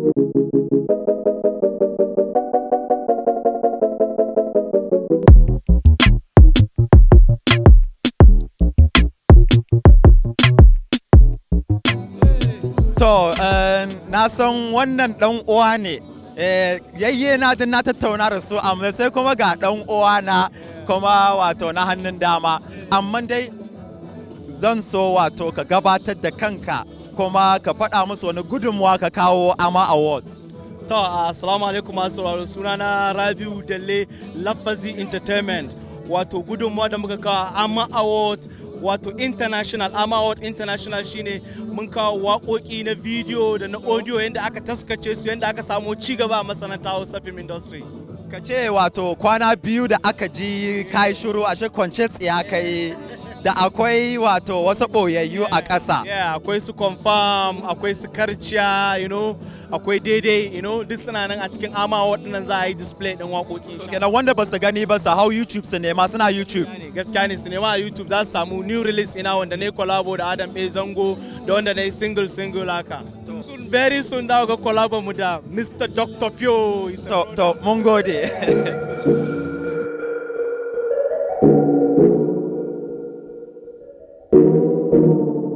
To, eh, na san wannan ɗan uwa ne, eh, yayye na na tattauna da su amma sai kuma ga ɗan uwa na kuma wato na hannun dama, amma dai zan so wato ka gabatar da kanka kuma ka faɗa musu wani gudunmuwa ka kawo ama awards to assalamu alaikum masu suna na rabiu dalle lafazi entertainment wato gudunmuwa da muka kawo ama awards wato international ama award international shine mun kawo waƙoƙi na bidiyo da na audio yadda aka taskace su yadda aka samo gaba a masana'anta hausa film industry ka ce wato kwana biyu da aka ji kai shuru ashe kwance tsiya kai da akwai wato wasu ɓoyayyu a ƙasa. Yeah, akwai su confirm, akwai su karciya, you know, akwai daidai, you know, duk suna nan a cikin ama waɗannan za a yi display ɗin waƙoƙi. Kenan wanda ba su gani ba su hau YouTube su nema suna YouTube. Gaskiya ne su nema a YouTube za su samu new release ina wanda na yi collabo da Adam A Zango da wanda na yi single single haka. Sun very soon da ga collabo mu da Mr. Dr. Fio. To, to, mun gode. thank you.